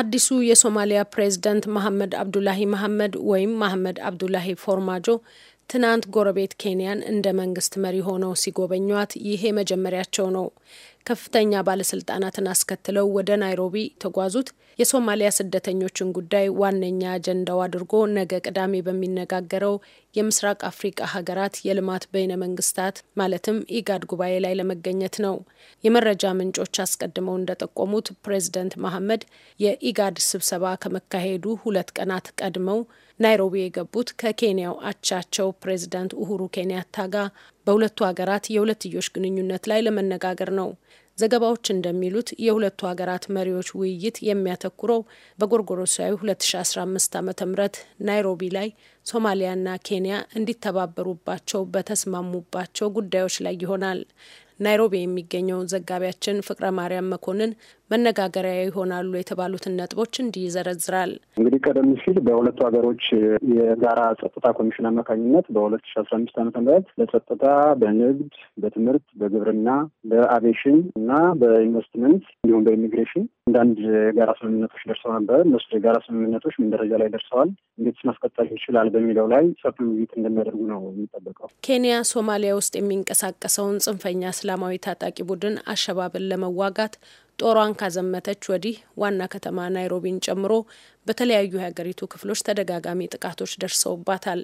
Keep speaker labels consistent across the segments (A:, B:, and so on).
A: አዲሱ የሶማሊያ ፕሬዝዳንት መሐመድ አብዱላሂ መሐመድ ወይም መሐመድ አብዱላሂ ፎርማጆ ትናንት ጎረቤት ኬንያን እንደ መንግስት መሪ ሆነው ሲጎበኟት ይሄ መጀመሪያቸው ነው። ከፍተኛ ባለስልጣናትን አስከትለው ወደ ናይሮቢ ተጓዙት የሶማሊያ ስደተኞችን ጉዳይ ዋነኛ አጀንዳው አድርጎ ነገ ቅዳሜ በሚነጋገረው የምስራቅ አፍሪቃ ሀገራት የልማት በይነ መንግስታት ማለትም ኢጋድ ጉባኤ ላይ ለመገኘት ነው። የመረጃ ምንጮች አስቀድመው እንደጠቆሙት ፕሬዚደንት መሐመድ የኢጋድ ስብሰባ ከመካሄዱ ሁለት ቀናት ቀድመው ናይሮቢ የገቡት ከኬንያው አቻቸው ፕሬዚዳንት ኡሁሩ ኬንያታ ጋር በሁለቱ ሀገራት የሁለትዮሽ ግንኙነት ላይ ለመነጋገር ነው። ዘገባዎች እንደሚሉት የሁለቱ ሀገራት መሪዎች ውይይት የሚያተኩረው በጎርጎሮሳዊ 2015 ዓ ም ናይሮቢ ላይ ሶማሊያና ኬንያ እንዲተባበሩባቸው በተስማሙባቸው ጉዳዮች ላይ ይሆናል። ናይሮቢ የሚገኘው ዘጋቢያችን ፍቅረ ማርያም መኮንን መነጋገሪያ ይሆናሉ የተባሉትን ነጥቦች እንዲህ ይዘረዝራል።
B: እንግዲህ ቀደም ሲል በሁለቱ ሀገሮች የጋራ ጸጥታ ኮሚሽን አማካኝነት በሁለት ሺ አስራ አምስት ዓመተ ምህረት በጸጥታ፣ በንግድ፣ በትምህርት፣ በግብርና፣ በአቬሽን እና በኢንቨስትመንት እንዲሁም በኢሚግሬሽን አንዳንድ የጋራ ስምምነቶች ደርሰው ነበር። እነሱ የጋራ ስምምነቶች ምን ደረጃ ላይ ደርሰዋል፣ እንዴት ማስቀጠል ይችላል በሚለው ላይ ሰፊ ውይይት እንደሚያደርጉ ነው የሚጠበቀው።
A: ኬንያ ሶማሊያ ውስጥ የሚንቀሳቀሰውን ጽንፈኛ እስላማዊ ታጣቂ ቡድን አሸባብን ለመዋጋት ጦሯን ካዘመተች ወዲህ ዋና ከተማ ናይሮቢን ጨምሮ በተለያዩ የሀገሪቱ ክፍሎች ተደጋጋሚ ጥቃቶች ደርሰውባታል።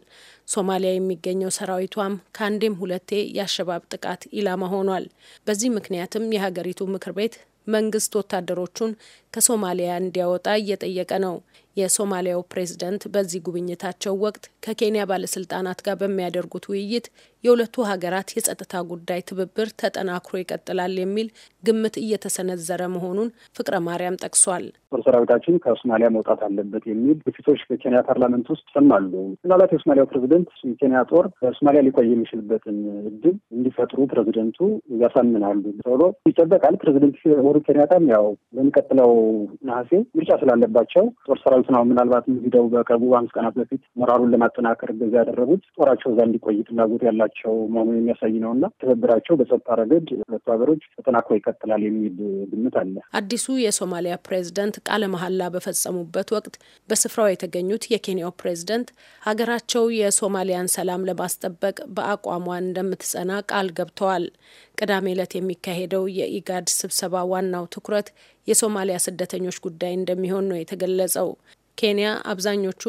A: ሶማሊያ የሚገኘው ሰራዊቷም ከአንዴም ሁለቴ የአሸባብ ጥቃት ኢላማ ሆኗል። በዚህ ምክንያትም የሀገሪቱ ምክር ቤት መንግስት ወታደሮቹን ከሶማሊያ እንዲያወጣ እየጠየቀ ነው። የሶማሊያው ፕሬዝደንት በዚህ ጉብኝታቸው ወቅት ከኬንያ ባለስልጣናት ጋር በሚያደርጉት ውይይት የሁለቱ ሀገራት የጸጥታ ጉዳይ ትብብር ተጠናክሮ ይቀጥላል የሚል ግምት እየተሰነዘረ መሆኑን ፍቅረ ማርያም ጠቅሷል።
B: ጦር ሰራዊታችን ከሶማሊያ መውጣት አለበት የሚል ግፊቶች በኬንያ ፓርላመንት ውስጥ ይሰማሉ። ምናልባት የሶማሊያው ፕሬዚደንት የኬንያ ጦር በሶማሊያ ሊቆይ የሚችልበትን እድል እንዲፈጥሩ ፕሬዚደንቱ ያሳምናሉ ተብሎ ይጠበቃል። ፕሬዚደንት ኡሁሩ ኬንያታም ያው በሚቀጥለው ነሐሴ ምርጫ ስላለባቸው ጦር ሰራዊ ቢያንስ ነው ምናልባት ሂደው በቅርቡ አምስት ቀናት በፊት ሞራሉን ለማጠናከር እገዛ ያደረጉት ጦራቸው እዛ እንዲቆይ ፍላጎት ያላቸው መሆኑን የሚያሳይ ነው እና ትብብራቸው በጸጥታ ረገድ ሁለቱ ሀገሮች ተጠናክሮ ይቀጥላል የሚል ግምት አለ።
A: አዲሱ የሶማሊያ ፕሬዝደንት ቃለ መሀላ በፈጸሙበት ወቅት በስፍራው የተገኙት የኬንያው ፕሬዝደንት ሀገራቸው የሶማሊያን ሰላም ለማስጠበቅ በአቋሟ እንደምትጸና ቃል ገብተዋል። ቅዳሜ ዕለት የሚካሄደው የኢጋድ ስብሰባ ዋናው ትኩረት የሶማሊያ ስደተኞች ጉዳይ እንደሚሆን ነው የተገለጸው። ኬንያ አብዛኞቹ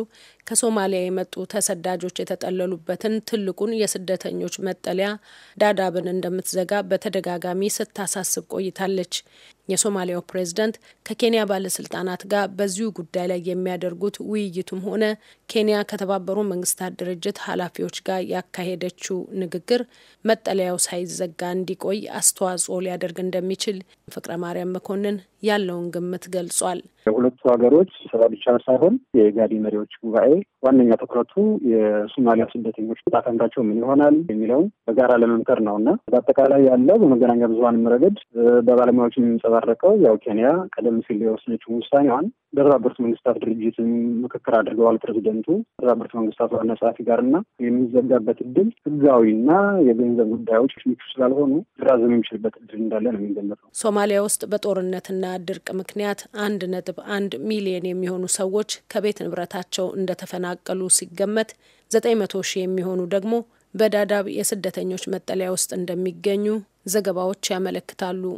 A: ከሶማሊያ የመጡ ተሰዳጆች የተጠለሉበትን ትልቁን የስደተኞች መጠለያ ዳዳብን እንደምትዘጋ በተደጋጋሚ ስታሳስብ ቆይታለች። የሶማሊያው ፕሬዝዳንት ከኬንያ ባለስልጣናት ጋር በዚሁ ጉዳይ ላይ የሚያደርጉት ውይይቱም ሆነ ኬንያ ከተባበሩ መንግስታት ድርጅት ኃላፊዎች ጋር ያካሄደችው ንግግር መጠለያው ሳይዘጋ እንዲቆይ አስተዋጽኦ ሊያደርግ እንደሚችል ፍቅረ ማርያም መኮንን ያለውን ግምት ገልጿል።
B: የሁለቱ ሀገሮች ስራ ብቻ ሳይሆን የኢጋዲ መሪዎች ጉባኤ ዋነኛ ትኩረቱ የሶማሊያ ስደተኞች ጣፈንታቸው ምን ይሆናል የሚለውን በጋራ ለመምከር ነው እና በአጠቃላይ ያለው በመገናኛ ብዙሀንም ረገድ በባለሙያዎች ያንጸባረቀው ያው ኬንያ ቀደም ሲል የወሰነችው ውሳኔዋን በተባበሩት መንግስታት ድርጅትም ምክክር አድርገዋል ፕሬዚደንቱ ከተባበሩት መንግስታት ዋና ጸሐፊ ጋርና የሚዘጋበት እድል ህጋዊና የገንዘብ ጉዳዮች ምቹ ስላልሆኑ ራዘም የሚችልበት እድል እንዳለ ነው የሚገለጸው።
A: ሶማሊያ ውስጥ በጦርነትና ድርቅ ምክንያት አንድ ነጥብ አንድ ሚሊየን የሚሆኑ ሰዎች ከቤት ንብረታቸው እንደተፈናቀሉ ሲገመት ዘጠኝ መቶ ሺህ የሚሆኑ ደግሞ በዳዳብ የስደተኞች መጠለያ ውስጥ እንደሚገኙ ዘገባዎች ያመለክታሉ።